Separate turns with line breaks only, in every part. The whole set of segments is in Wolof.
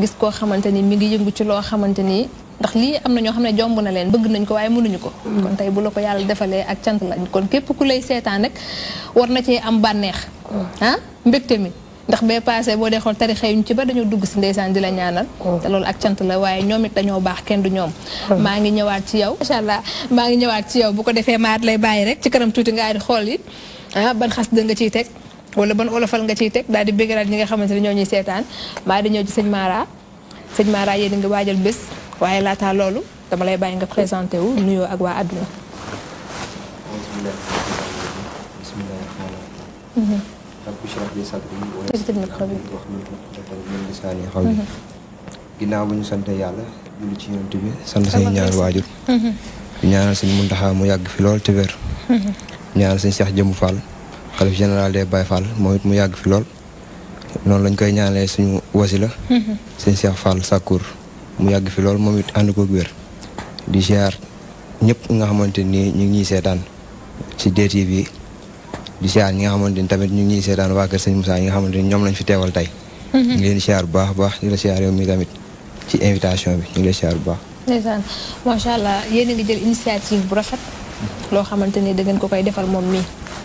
gis koo xamante ni mi ngi yëngu ci loo xamante ni ndax lii am na ñoo xam ne jomb na leen bëgg nañ ko waaye mënuñu ko mm. kon tey bu la ko yàlla defalee ak cant la kon képp ku lay seetaan rek war na cee am bànneex mm. ah mbégte mi ndax bee passé boo dee xool tarixa yi ñu ci ba dañoo dugg si ndeysaan di la ñaanal mm. te loolu ak cant la waaye ñoom it dañoo baax kenn du ñoom maa ngi ñëwaat ci yow macha allah maa ngi ñëwaat ci yow bu ko defee maat lay bàyyi rek ci kanam tuuti nga di xool yi ah ban xas da nga ciy teg wala ban olofal nga ciy tek dal di béggalaat ñi nga xamanteni ñoo ñi seetaan ma di ñëw ci seigne Mara seigne Mara yéen nga bes waye la ta lolu dama lay bàyyi nga présenté wu nuyo ak wa aduna
ginnaaw bu ñu sant julli ci bi ñaar mhm. mu fi te xalif général des Baye Fall moom mu yag fi lol non lañ koy ñaané suñu wasila sëñ Cheikh Fall Sakour mu yag fi lol momit and ko guer di ziar ñepp nga xamanteni ñu ngi sétan ci DTV di ziar nga xamanteni tamit ñu ngi sétan wa keur kër Moussa nga xamanteni ñom lañ fi téwal tay ñu leen ziar bu baax baax ñu la ziar yow mi tamit ci invitation bi ñu la ziar bu baax
ndeysaan machallah allah yéen ngi jël initiative bu rafet lo xamanteni da ngeen ko koy defal mom mi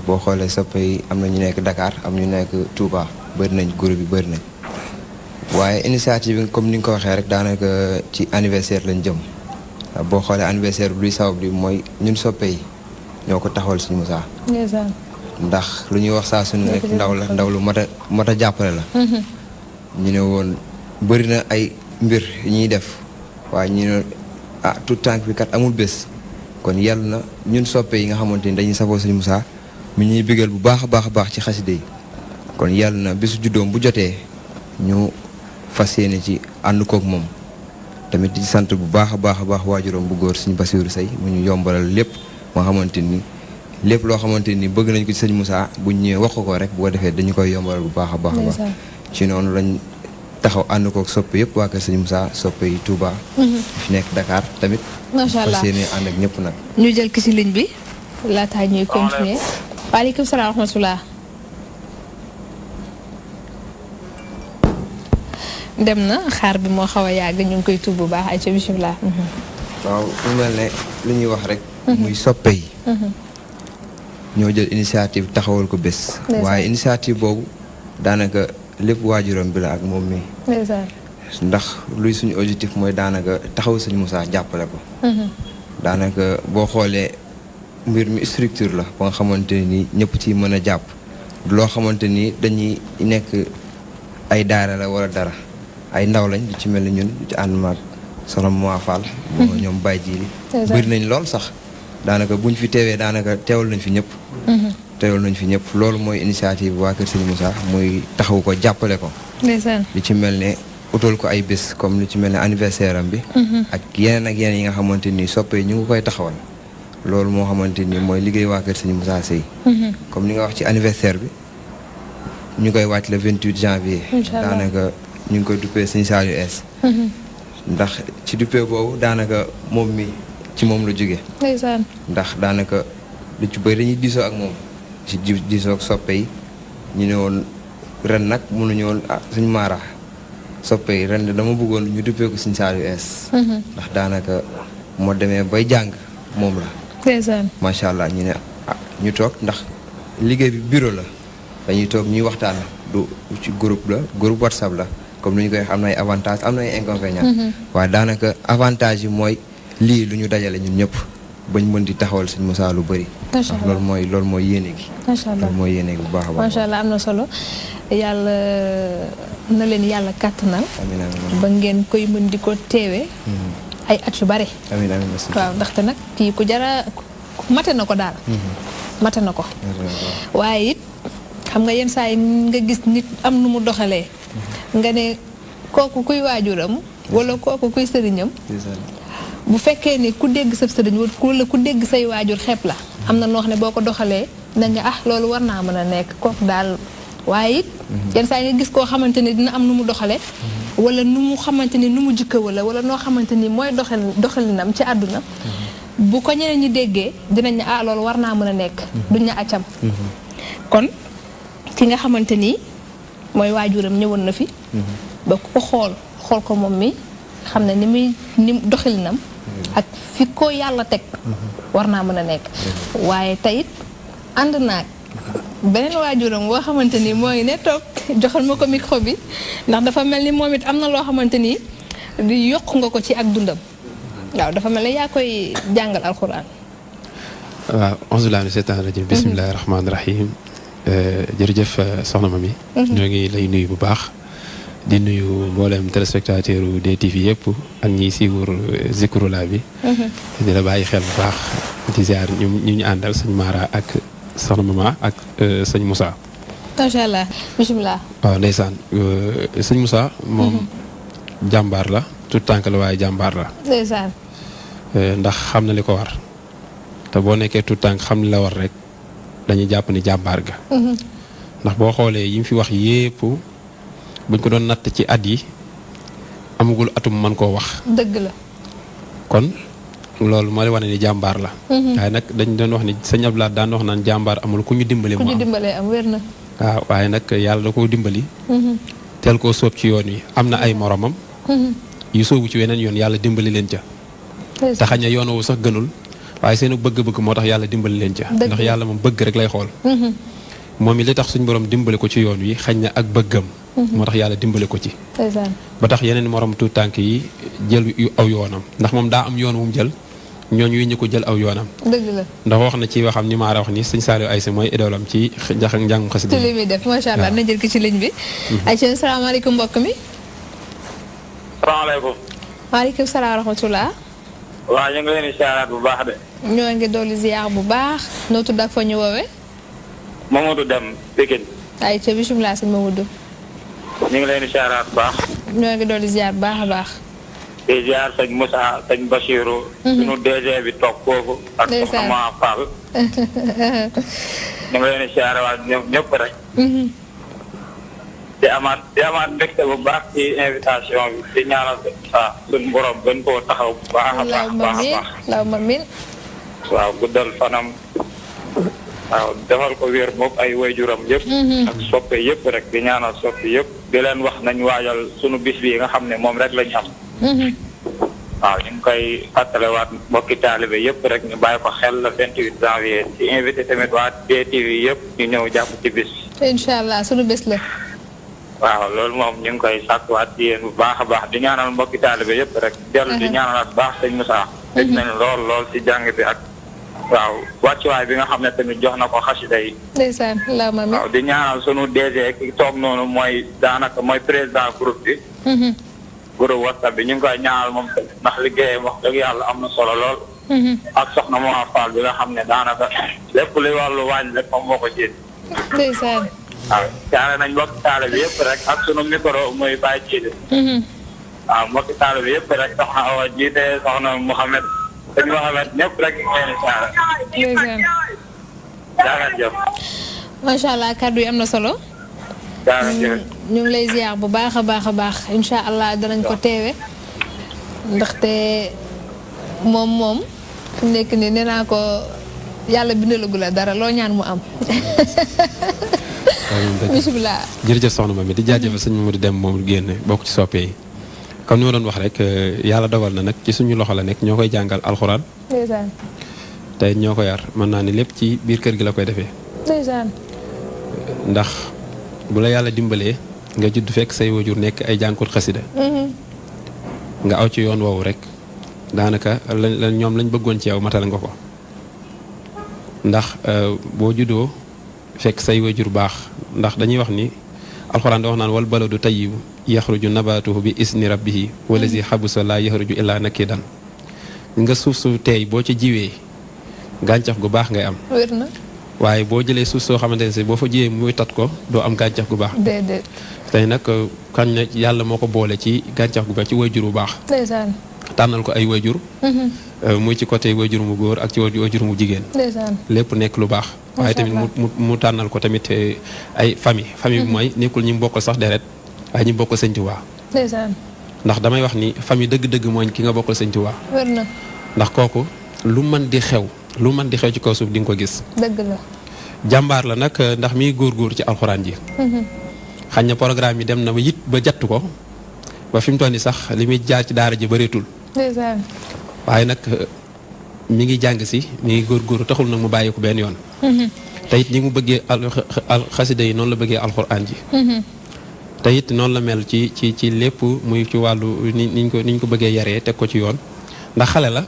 boo xoolee soppe yi am na ñu nekk dakaar am ñu nekk Touba bëri nañ groupe bi bëri nañ waaye initiative bi comme ni nga ko waxee rek daanaka ci anniversaire lañ jëm boo xoolee anniversaire bu luy sabab bi mooy ñun soppe yi ñoo ko taxawal suñu Moussa ndax lu ñuy wax saa suñu ndaw la ndaw lu mat a a jàppale la mm-hmm. ñu ne woon bëri na ay mbir ñuy def waaye ñu ah tout tànk bi kat amul bés kon yàlla na ñun soppe yi nga xamante ni dañuy safoo suñu Moussa mi ñuy bu baax bah baax baax ci xasida kon yàlla na bisu juddoom bu jotee ñu fasiyene ci ànd koog moom tamit di sant bu baax baax baax waajuram bu góor suñu basiru Say mu ñu yombalal lépp moo xamante ni lépp loo xamante ni bëgg nañ ko ci sëñ Moussa bu ñu wax ko rek bu ko defee dañu koy yombalal bu baax a baax a baax ci noonu lañ taxaw ànd koog soppe yëpp waa kër sëñ Moussa yi Touba mhm. fi nekk Dakar tamit
macha allah fas yéene
ànd ak ñëpp nag
ñu jël ki ci ligne bi laataa ñuy continuer وعليكم السلام ورحمة الله dem na xaar bi moo xaw a yàgg ñu ngi koy tuub bu baax ay ca bisimilah.
waaw mu mel ne li ñuy wax rek. muy soppe yi. ñoo jël initiative taxawal ko bés. waaye initiative boobu daanaka lépp waajuram bi la ak moom mi ndax luy suñu objectif mooy daanaka taxaw suñu Moussa jàppale ko. daanaka boo xoolee mbir mi structure la ba nga xamante nii ñëpp ci mën a jàpp loo xamante ni dañuy nekk ay daara la war a dara ay ndaw lañ lu ci mel ni ñun lu ci ànd maag soxna mhm. ñoom Baye Djili bëri nañ lool sax daanaka buñ fi teewee daanaka teewal nañ fi ñëpp mhm. teewal nañ fi ñëpp loolu mooy initiative waa Kër Serigne muy taxaw ko jàppale ko lu ci mel ne utal ko ay bés comme lu ci mel ni anniversaire am bi mhm. ak yeneen ak yeneen yi nga xamante nii soppee ñu ngi koy taxawal loolu moo xamante ni mooy liggéey waa kër Serigne Moussa Seye mhm. comme ni nga wax ci anniversaire bi ñu koy wàcc le 28 janvier daanaka ñu ngi koy duppee Serigne Saliou es mhm. ndax ci duppee boobu daanaka moom mi ci moom la jóge ndax daanaka lu ci bëri dañuy diisoo ak moom ci diisoo ak soppee yi ñu ne woon ren nag mënuñu woon ah suñ maara soppe yi ren dama buggoon ñu duppee ko Serigne Saliou mhm. ndax daanaka moo demee bay jàng moom la macha allah ñu ne ñu toog ndax liggéey bi bureau la dañuy toog ñuy waxtaan du ci groupe la groupe whatsapp la comme ni ñu koy am na ay avantage am na inconvénient mm-hmm. waaye daanaka avantage yi mooy lii lu ñu dajale ñun ñëpp bañ mën di taxawal sëñ Moussa lu bëri loolu mooy loolu mooy yéene gi loolu mooy yéene gi bu baax a baax macha
allah am na solo yàlla na leen yàlla kàttanal ba ngeen koy mën di ko teewee mm-hmm. ay at yu bare. amiin amiin waaw ndaxte nag kii ku jara mate na ko daal. Mm-hmm. mate na ko. Mm-hmm. waaye it xam nga yenn saa yi nga gis nit am nu mu doxalee. Mm-hmm. nga ne kooku kuy waajuram. wala kooku kuy sëriñam. bu fekkee ne ku dégg sa sëriñ wala ku dégg say waajur xeeb la. am na noo xam ne boo ko doxalee na nga ah, loolu war naa mën a nekk kooku daal waaye it. yenn saa yi nga gis koo xamante ne dina am nu mu doxale wala nu mu xamante ni nu mu jikko wala wala noo xamante ni mooy doxal doxalinam ci àdduna bu ko ñeneen ñi déggee dinañ ne ah war naa mën a nekk mhm. duñ ne acam
mhm. kon
ki nga xamante ni mooy waajuram ñëwoon na fi mhm. ba ko xool xool ko moom mi xam ne ni muy ni doxalinam ak fi ko yàlla teg war naa mën a nekk waaye tayit ànd naag beneen waajuram woo xamante ni mooy ne toog joxal ma ko micro bi ndax dafa mel ni moom it am na loo xamante ni di yokk nga ko ci ak dundam waaw dafa mel ni yaa koy jàngal alxuraan.
waaw auzubillahi mina seytaani rajim mhm. bismillahi rahmaani rahim euh, jërëjëf euh, soxna ma mi mhm. ñoo ngi lay nuyu bu baax di nuyu mboolem téléspectateur u DTV yëpp ak ñiy siiwur euh, Zikrulahi bi mhm. di la bàyyi xel bu baax di ñu ñu àndal suñu maara ak sax soxna mama ak euh, sëñ Moussa.
macha allah bisimilah.
waaw euh, sëñ Moussa. moom mhm. jàmbaar la tut tànk la waaye jàmbaar la. ndeysaan. Euh, ndax xam na li ko war te boo nekkee tout tànk xam li la war rek dañuy jàpp ni jàmbaar ga. Mhm. ndax boo xoolee yi fi wax yépp buñ ko doon natt ci at yi amagul atum mën koo wax. dëgg la kon. loolu moo lay wane ni jàmbaar la. Mhm. waaye nag dañ doon wax ni sëñ Abdoulaye daan wax naan jàmbaar amul ku ñu dimbale. ku ñu
dimbale am na.
waaw waaye nag yàlla da koo dimbali. Mhm. teel koo soob ci yoon wi am na ay moroomam mhm. yu soobu ci weneen yoon yàlla dimbali leen ca. te xañ na yoon sax gënul waaye seen bëgg-bëgg moo tax yàlla dimbali leen ca. ndax yàlla moom bëgg rek lay xool. moom it li tax suñu boroom dimbali ko ci yoon wi xañ na ak bëggam. moo tax yàlla dimbali ko ci. ba tax yeneen morom tu tànk yi jël yu aw yoonam ndax moom daa am yoon wu jël ñooñu yi ñu ko jël aw yoonam. dëgg la ndax wax na ci waxam ni maa wax ni sëñ Saliou Aïssa mooy idoolam ci jax ak njàngum xas. ci
li def macha allah na jël ko ci ligne bi. Mhm. ayca salaamaaleykum mbokk mi. salaamaaleykum. waaleykum salaam rahmatulah.
waaw ñu ngi leen di siyaaraat bu baax de.
ñoo ngi dolli ziar bu baax noo tudd ak fa ñu Mamadou sëñ Mamadou.
ñu ngi leen di siyaaraat bu baax.
ñoo ngi dolli ziar bu baax a baax.
di ziar sëñ Moussa sëñ Bachirou. Mhm. sunu DG bi toog foofu. ak soxna Ma Fall. ñu ngi leen di ziar rek. Mhm. di amaat di bu baax ci invitation bi di ñaanal sa suñu borom gën koo taxaw bu baax a baax. baax a baax laaw ma miin waaw guddal fanam. waaw defal ko wéer moom ay wayjuram yëpp mhm. ak soppe yëpp rek di ñaanal soppe yëpp di leen wax nañ waajal sunu bis bi nga xam ne moom rek lañu am mhm. waaw ñu ngi koy fàttalewaat mbokki taalibe yëpp rek ñu bay ko xel le 28 janvier ci invité tamit waa DTV yëpp ñu ñëw jàpp ci bis
bi incha allah sunu bis
la
waaw loolu moom ñu ngi koy sàkkuwaat ci yéen bu baax a baax di ñaanal mbokki taalibe yëpp rek dellu mhm. di ñaanalaat baax sëñ Moussa dëj lool lool ci jàng bi ak waaw wàccuwaay bi nga xam ne tamit jox na ko xasida yi.
ndeysaan la mami waaw
di ñaanal sunu DG ki toog noonu mooy daanaka mooy président groupe bi. Mm-hmm. groupe WhatsApp bi ñu ngi koy ñaanal moom ndax liggéeyam wax dëgg yàlla am na solo lool. Mm-hmm. ak soxna Mawar Fall bi nga xam ne daanaka lépp luy wàllu wàññi rek moom moo ko jéem. waaw caare nañ mbokki taale bi yëpp rek ak sunu micro mooy bàyyi jiite. waaw mbokki taale bi yëpp rek soxna Awa sëñ
Mouhamed allah kàddu yi am na solo. ñu lay ziar bu baax a baax a baax incha allah danañ ko teewe ndaxte moom moom fi nekk nii nee naa ko yàlla bindalagu la dara loo ñaan mu am.
bisimilah. jërëjëf soxna Mamy di jaajëfal sëñ Mamadou Deme moom génn bokk ci soppe yi comme ni ma doon wax rek euh, yàlla dogal na nag ci suñu loxo la nekk ñoo koy jàngal alxuraan. ndeysaan. te ñoo ko yar mën naa ni lépp ci biir kër gi la koy defee. ndax bu la yàlla dimbalee nga judd fekk say wajur nekk ay jànkut xasida. Mm-hmm. nga aw ci yoon woowu rek daanaka la ñoom lañ bëggoon ci yow matal nga ko. ndax euh, boo juddoo fekk say wajur baax ndax dañuy wax ni. alxuraan da naan wal baladu tayyibu yaxruju nabaatuhu bi isni rabbihi walazi xabusa laa yaxruju illaa nakidan nga suuf su teey boo ci jiwee gàncax gu baax ngay am waaye boo jëlee suuf soo xamante ne si boo fa jiwee muy tat ko doo am gàncax gu baax tey nag euh, kañ na yàlla moo ko boole ci gàncax gu baax ci wayjur bu baax tànnal ko ay wajur mhm. euh, muy ci côté wayjur mu góor ak ci wayjur mu jigéen lépp nekk lu baax waaye tamit mu mu tànnal ko tamit eh, ay famille famille bi mm-hmm. mooy nekkul ñi bokkal sax deret waaye ñi bokkal sëñ Tuubaa ndax damay wax ni famille dëgg-dëgg mooñ ki nga bokkal sëñ Tuubaa ndax kooku lu mën di xew lu mën di xew ci kaw suuf di nga ko gis jàmbaar la nag eh, ndax miy góor-góor ci alxuraan ji mm-hmm. xañ na programme yi dem na ba yit ba jattu ko ba fi mu toll nii sax li muy jaar ci daara ji bëreetul waaye nag eh, mi ngi jàng si mi ngi góor taxul nag mu bàyyi ko benn yoon. Mm-hmm. te it ñi mu bëggee al xasida yi noonu la bëggee alxuraan ji. Mm-hmm. te it noonu la mel ci ci ci lépp muy ci wàllu ni niñ ko niñ ko bëggee yaree teg ko ci yoon ndax xale la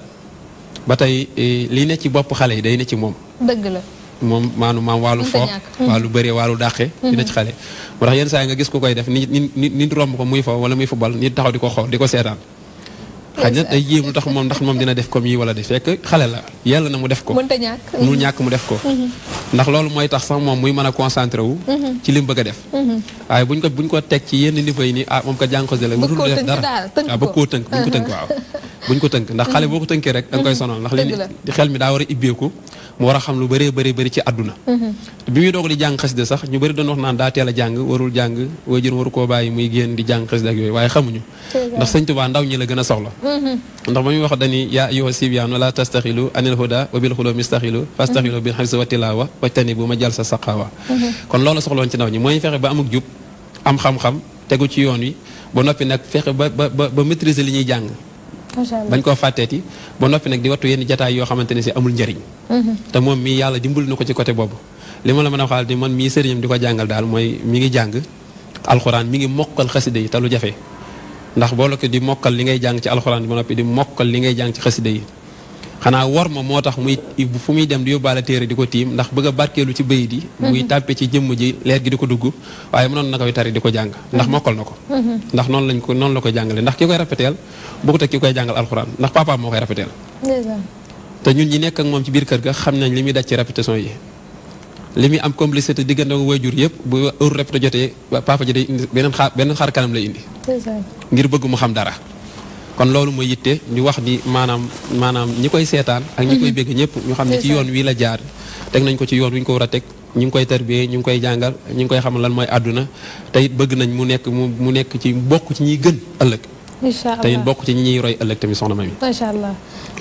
ba tey eh, li ne ci bopp xale yi day ne ci moom. dëgg moom maanu maam wàllu foog mm-hmm. wàllu bëree wàllu dàqe dina ci xale moo tax yenn saa yi nga gis ko koy def nit nit nit romb ko muy fo wala muy fubal nit taxaw di ko xool di ko seetaan xaj na day yéem lu tax moom ndax moom dina def comme yi wala di fekk xale la yàlla na mu def ko mënta
ñàkk mu ñàkk
mu def ko mm-hmm. ndax loolu mooy tax sax moom muy mën a concentré wu mm-hmm. ci lim mu bëgg a def mm-hmm. waaye buñ ko buñ ko teg ci yenn niveau yi nii ah moom ko jànqose la mënul def dara waaw ba koo tënk buñ ko tënk waaw buñ ko tënk ndax xale boo ko tënkee rek da nga koy sonal ndax li xel mi daa war a ibbeeku mu war a xam lu bare bëri bëri ci àdduna mhm. bi muy doog di jàng xasida sax ñu bëri doon wax naan daa teel a jàng warul jàng waajur waru koo bàyyi muy génn di jàng xasida yooyu waaye xamuñu ndax sëñ ndaw ñi la gën a soxla mhm. ndax ba muy wax dani yaa ayyuha sibyaanu laa tastaxilu anil huda wa bil xuloo mistaxilu fastaxilu bil xabsi wa tilaawa wa tani bu ma jal sa saqaawa mhm. kon loolu soxloon ci ndaw ñi mooy fexe ba amuk jub am xam-xam tegu ci yoon wi ba noppi nag fexe ba ba ba maîtriser li ñuy jàng bañ koo fàtteeti ba noppi nag di wattu yenn jataay yoo xamante ne si amul njariñ mhm. te moom mii yàlla dimbali na ko ci côté boobu li ma la mën a waxal di man mii sëriñam di ko jàngal daal mooy mi ngi jàng alxuraan mi ngi mokkal xasida yi te lu jafe ndax boo la ko di mokkal li ngay jàng ci alxuraan ba noppi di mokkal li ngay jàng ci xasida yi xanaa war ma moo tax muy fu muy dem di yóbbaale téere di ko tiim ndax bëgg a barkeelu ci bayit yi mhm. muy tàppe ci jëmm ji leer gi di ko dugg waaye mënoon na koy tari di ko jàng ndax mhm. mokkal na ko mhm. ndax noonu lañ ko noonu la koy jàngale ndax ki koy rafeteel bokkut ak ki koy jàngal alxuraan ndax papaam moo koy rafeteel te ñun ñi nekk ak moom ci biir kër ga xam nañ li muy daj ci répétition yi li muy am complicité diggante ak waajur yëpp bu heure répété jotee papa ji day indi beneen xaar kanam lay indi ngir bëgg mu xam dara kon loolu mooy yitte ñu wax ni maanaam maanaam ñi koy seetaan ak ñi koy mm-hmm. bégg ñëpp ñu xam ne ci yoon wii la jaar teg nañ ko ci yoon wi ñu ko war a teg ñu ngi koy tarbiyee ñu ngi koy jàngal ñu ngi koy xamal lan mooy àdduna te it bëgg nañ mu nekk mu nekk ci bokk ci ñuy gën ëllëg
incha
allah tey
bokk ci ñi ñuy roy ëllëg tamit soxna Mamy.
macha allah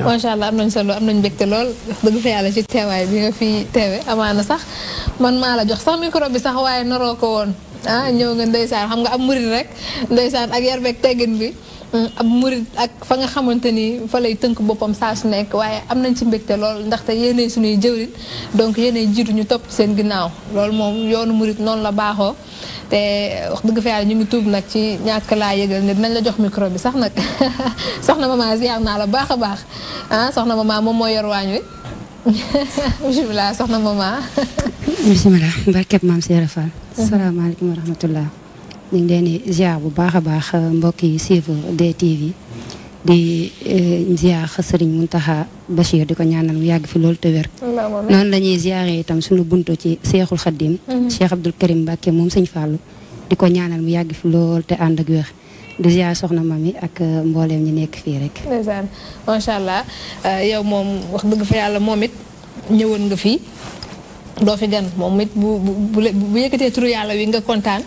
macha allah am nañ solo am nañ mbégte lool dëgg fa yàlla ci teewaay bi nga man maa la jox sax micro bi sax waaye naroo ko woon ah ñëw nga ndeysaan xam nga am murid rek ndeysaan ak yar beeg teggin bi ab murit ak fa nga xamante ni fa lay tënk boppam saa su nekk waaye am nañ ci mbégte lool ndaxte yéenay suñuy jëwrit donc yéenay jiitu ñu topp seen ginnaaw loolu moom yoonu murit noonu la baaxoo te wax dëgg fi yàlla ñu ngi tuub nag ci ñàkk laa yëgal ne dinañ la jox micro bi sax nag soxna mama ziar naa la baax a baax ah soxna mama moom moo yor waañ wi bisimilah soxna mama
bisimilah barkeb maam Seera Fall salaamaaleykum wa rahmatullah ñu ngi leen di ziar bu baax a baax euh, mbokk yi suivre DTV di euh, ziar Serigne taxa Bachir di ko ñaanal mu yàgg fi loolu te wér. noonu la ñuy ziaree itam suñu buntu ci Cheikhul Khadim. Mhm. Cheikh Abdoul Karim Mbacke moom sëñ Fallou. di ko ñaanal mu yàgg fi lool te ànd ak wér. di ziar soxna mami ak euh, mbooleem ñu nekk fii rek.
ndeysaan macha allah yow moom wax dëgg fa yàlla moom it ñëwoon nga fi doo fi gan moom it bu bu yëkkatee turu yàlla wi nga kontaan.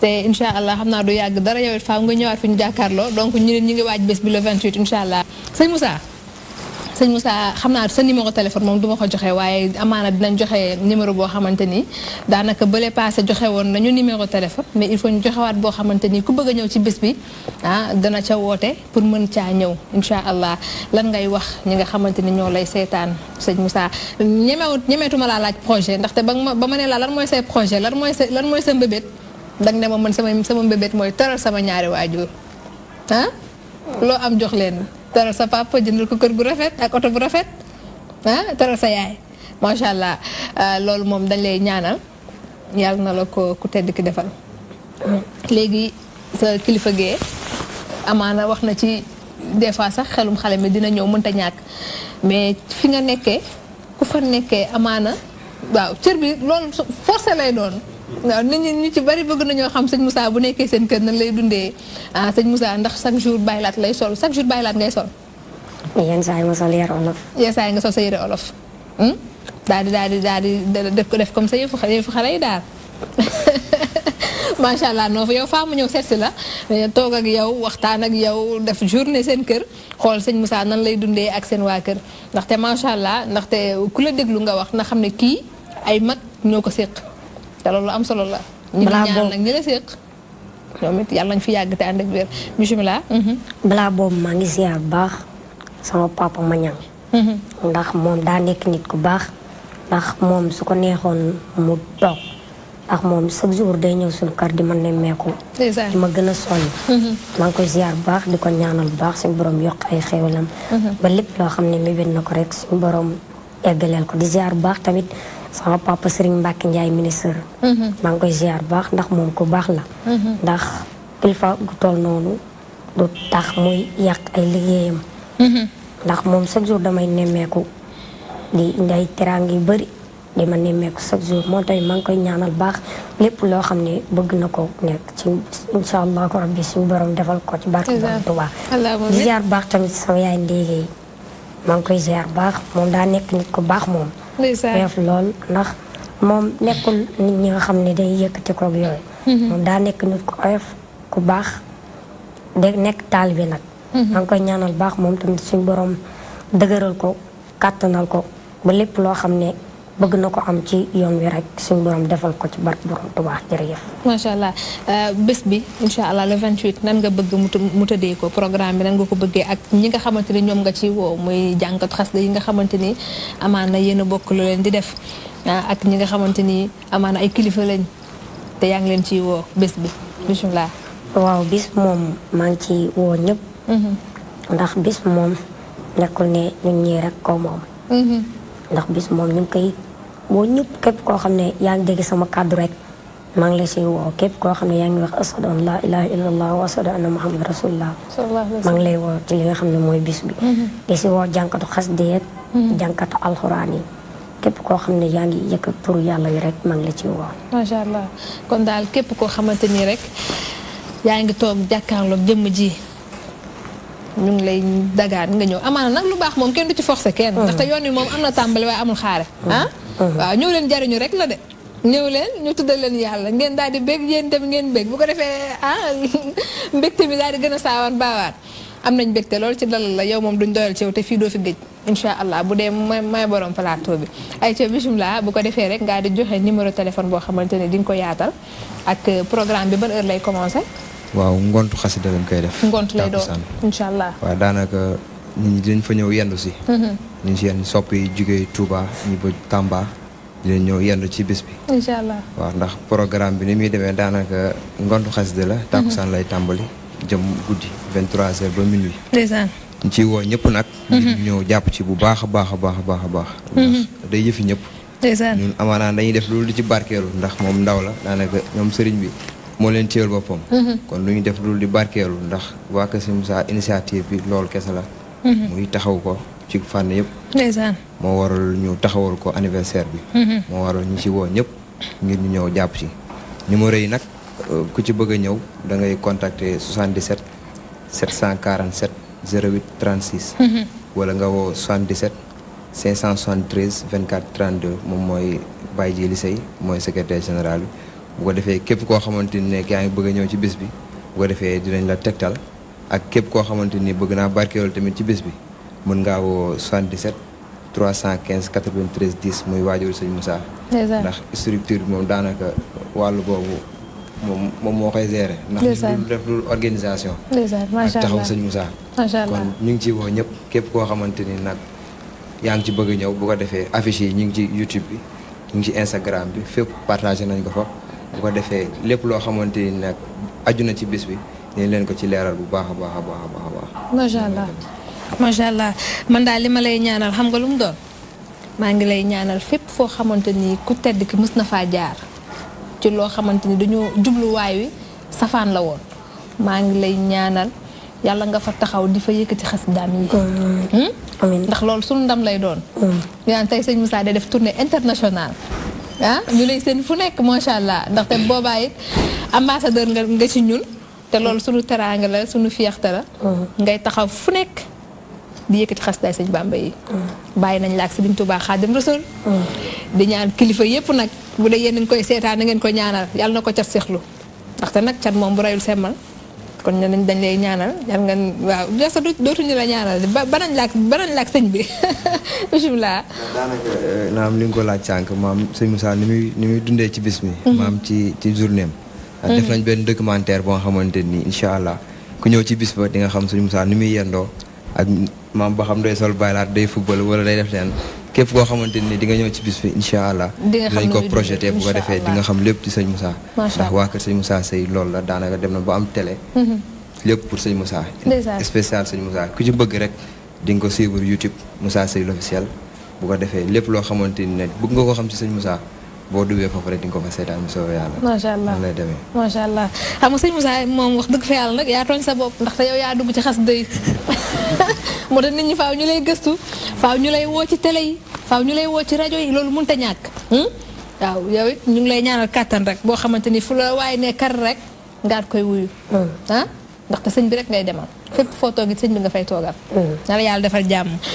te incha allah xam naa du yàgg dara yow it faaw nga ñëwaat fi ñu jàkkaarloo donc ñu ne ñu ngi waaj bés bi le 28 incha allah sëñ Moussa. sëñ xam naa sa numéro téléphone moom du ma ko joxe waaye amaana dinañ joxe numéro boo xamante ni daanaka bële paase joxe woon nañu numéro téléphone mais il faut ñu joxewaat boo xamante ni ku bëgg a ñëw ci bés bi ah dana ca woote pour mën caa ñëw incha allah lan ngay wax ñi nga xamante ni ñoo lay seetaan sëñ Moussa ñemewut ñemeetuma laa laaj projet ndaxte ba ma ba ma ne laa lan mooy say projet lan mooy sa lan mooy sa mbébét. danga ne man sama sama mbébét mooy teral sama ñaari waajur ah loo am jox leen teral sa papa jëndal ko kër gu rafet ak oto bu rafet ah teral sa yaay macha allah euh, loolu moom dañ lay ñaanal yàlla na la ko ku tedd ki defal léegi sa kilifa gee amaana wax na ci des fois sax xelum xale mi dina ñëw mënta ñàkk mais fi nga nekkee ku fa nekkee amaana waaw cër bi loolu forcé lay doon waaw nit ñi ñu ci bari bëgg nañoo xam sëñ Moussa bu nekkee seen kër nañ lay dundee ah sëñ Moussa ndax chaque jour baylaat lay sol chaque jour
baylaat ngay sol. yenn saa yi ma sol yére olof. saa
yi nga sa yére olof. Hmm? daal di daal di daal di def ko def comme sa yëfu yëfu xale yi daal. macha allah noo fa yow faa mu ñëw seet si la toog ak yow waxtaan ak yow def jour journée seen kër xool sëñ musa nan lay dundee ak seen waa kër ndaxte macha allah ndaxte ku la déglu nga wax na xam ne kii ay mag ñoo ko séq. te loolu am solo la. balaa boobu ñaan nag ñu la séq. fi yàgg
te ànd ak wér bisimilah. Mhm. balaa maa ngi ziar bu baax sama papa ma ñaan. Mhm. ndax moom daa nekk nit ku baax. ndax moom su ko neexoon mu toog ndax moom chaque jour day ñëw suñu kar di ma nemmeeku. di ma gën a sonn. Mhm. maa ngi koy ziar bu baax di ko ñaanal bu baax suñu borom yokk ay xéwalam. ba lépp loo xam ne mébét na ko rek suñu borom eggaleel ko di ziar bu baax tamit. sama papa sering bakin jai Minister, mhm. mang ko ziar bax mhm. ndax mom ko bax la. ndax fa gu tol nonu do tax moy yak ay ligeyam ndax mom chaque jour damay nemeku di ngay terangi beuri di ma nemeku chaque jour moo tax mang koy ñaanal bax lepp lo xamne bëgg nako nek ci inshallah allah rabbi suñu borom defal ko ci barke do tuba ziar bax tamit sama yaay ndéegéey mang koy ziar bax mom da nek nit ko bax mom woyof lool ndax moom nekkul nit ñi nga xam ne day yëkkati koog yooyu. Mhm. moom daa nekk nit ko oyof ku baax day nekk taal bi nag. Mhm. maa ngi koy ñaanal baax moom tamit si boroom dëgëral ko kàttanal ko ba lépp loo xam ne. bëgg na ko am ci yoon wi rek suñu borom defal ko ci barke borom jërëjëf.
macha allah euh, bés bi incha allah le 28 nan nga bëgg mu tëddee ko programme bi nan nga ko bëggee ak ñi nga xamante ni ñoom nga ci woo muy jàngat xasida yi nga xamante ni amaan na yéen a bokk lu leen di def ah, ak ñi nga xamante ni amaan ay kilifa lañ te yaa ngi leen ciy woo bés bi bisimilah.
waaw bis moom maa ngi ciy woo ñëpp. Mhm. ndax bis moom nekkul ne ñun mhm. ñu koy woo ñëpp képp koo xam ne yaa ngi dégg sama kàddu rek maa ngi la siy woo képp koo xam ne yaa ngi wax asadu an laa ilaha illallah wa asadu anna muhammad rasulullah maa ngi lay woo ci li nga xam ne mooy bis bi mm-hmm. di si woo jànkatu xas deeg mm-hmm. jànkatu alxuraan yi képp koo xam ne yaa ngi yëkk pour yàlla yi rek maa ngi la ciy woo
macha allah kon daal képp koo xamante ni rek yaa ngi toog jàkkaarloog jëmm ji ñu ngi lay dagaan nga ñëw amaana nag lu baax moom kenn du ci forcé kenn mm. ndaxte yoon wi moom am na tàmbali waaye amul xaare mm. ah waaw uh-huh. ñëw leen jariñu rek la de ñëw leen ñu tuddal leen yàlla ngeen daal di bég yéen tamit ngeen bég bu ko defee ah mbégte bi daal di gën a saawaan baawaat am nañ mbégte lool ci dalal la yow moom duñ doyal ci yow te fii doo fi géej incha allah bu dee may may borom plateau bi ay ca bisimilah bu ko defee rek ngaa di joxe numéro téléphone boo xamante ne di nga ko yaatal ak euh, programme bi ban heure lay commencé
waaw ngontu xasida lañ koy def ngontu lay doon incha allah waaw daanaka nit ñi dinañ fa ñëw yendu si. Mhm. ñu si yenn sopp yi jugee Touba ñu ba Tamba dinañ ñëw yendu ci bis bi. incha waaw ndax programme bi ni muy demee daanaka ngontu xasida la. Mhm. tàkkusaan lay tàmbali jëm guddi 23h ba minuit. ndeysaan. ñu ciy woo ñëpp nag. Mhm. ñëw jàpp ci bu baax a baax a baax a baax. ndax day yëfi ñëpp. ndeysaan ñun amaanaan dañuy def loolu di ci barkeelu ndax moom ndaw la daanaka ñoom sëriñ bi. moo leen téyel boppam. kon lu ñu def lu di barkeelu ndax waa Kër Moussa initiative bi loolu kese la. Mm-hmm. muy taxaw ko ci fànn yëpp. ndeysaan moo waral ñu taxawal ko anniversaire bi. Mm-hmm. moo waral ñu ci woon ñëpp ngir ñu ñëw jàpp ci numéro yi nag euh, ku ci bëgg a ñëw da ngay contacter 77 747 08 36. wala nga woo 77 573 24 32 moom mooy Baye Djily Seye mooy secretaire général bi bu ko defee képp koo xamante ne yaa ngi bëgg a ñëw ci bis bi bu ko defee dinañ la tegtal. ak képp koo xamante ni bëgg naa barkeelul tamit ci bés bi mën ngaa woo 77 315 93 10 muy waajur sëñ Moussa. ndax structure bi moom daanaka wàllu boobu moom moom moo koy gérer. ndax ñu def lu organisation.
ak taxaw sëñ Moussa. macha kon
ñu ngi ciy woo ñëpp képp koo xamante ni nag yaa ngi ci bëgg ñëw bu ko defee affiche yi ñu ngi ci YouTube bi ñu ngi ci Instagram bi fépp partagé nañ ko fa. bu ko defee lépp loo xamante ni nag aju na ci bis bi. dinañ leen ko ci leeral bu baax a baax a
baax a allah man daal li ma lay ñaanal xam nga lu mu doon maa ngi lay ñaanal fépp foo xamante ni ku tedd ki mës na faa jaar ci loo xamante ni dañoo jubluwaay wi safaan la woon maa ngi lay ñaanal yàlla nga fa taxaw di fa yëkkati xas daam yi. Hmm? ndax su sunu ndam lay doon. yaa ngi tey sëñ Moussa def tournée internationale. Ah, ñu lay seen fu nekk macha allah ndax boobaa it ambassadeur nga nga ci ñun. te loolu sunu teraanga la sunu fierté la. Uh-huh. ngay taxaw fu nekk di yëkkati xasdaay sëñ baam Bamba yi. Uh-huh. bàyyi nañ la ak Sëriñ Tuubaa Xaadim Rasuul uh-huh. di ñaan kilifa yëpp nag bu dee yéen koy seetaan na ngeen ko ñaanal yàlla na ko cat seexlu ndaxte nag cat moom bu rayul semmal kon ñeneen dañ lay ñaanal yàlla nga waaw jasa dootuñu la ñaanal ba banañ laak banañ laak sëñ bi bisimilah.
daanaka eh, naam ko laaj sànq maam sëñ Moussa ni muy ni muy dundee ci bis mi. Mm-hmm. maam ci ci journée def nañ benn documentaire boo xamante ni incha allah ku ñëw ci bis ba di nga xam suñu Moussa ni muy yendoo ak maam ba xam day sol baylaat day football wala day def leen képp koo xamante ni di nga ñëw ci bis bi incha allah. dinañ ko projeté bu ko defee di nga xam lépp ci sëñ Moussa. ndax waa kër sëñ Moussa Seye loolu la daanaka dem na ba am télé. Mm-hmm. lépp pour sëñ Moussa. spécial sëñ musaa ku ci bëgg rek di nga ko suivre YouTube Moussa Seye l'officiel bu ko defee lépp loo xamante ni bëgg nga ko xam ci sëñ Moussa. boo dugee foofu rek di nga ko fa seetaan bu soobee yàlla.
macha allah noonu lay demee. macha allah xam nga sëñ Moussa moom wax dëgg fa yàlla nag yaa tooñ sa bopp ndaxte yow yaa dugg ci xas dëy moo tax nit ñi faaw ñu lay gëstu faaw ñu lay woo ci télé yi faaw ñu lay woo ci rajo yi loolu mënut te ñàkk. Hmm? waaw yow it ñu ngi lay ñaanal kàttan rek boo xamante ni fu la waaye ne kar rek nga koy wuyu. Hmm. ah ndaxte sëñ bi rek ngay demal fépp foo toogit sëñ bi nga fay toogal. na hmm. la yàlla defal jàmm.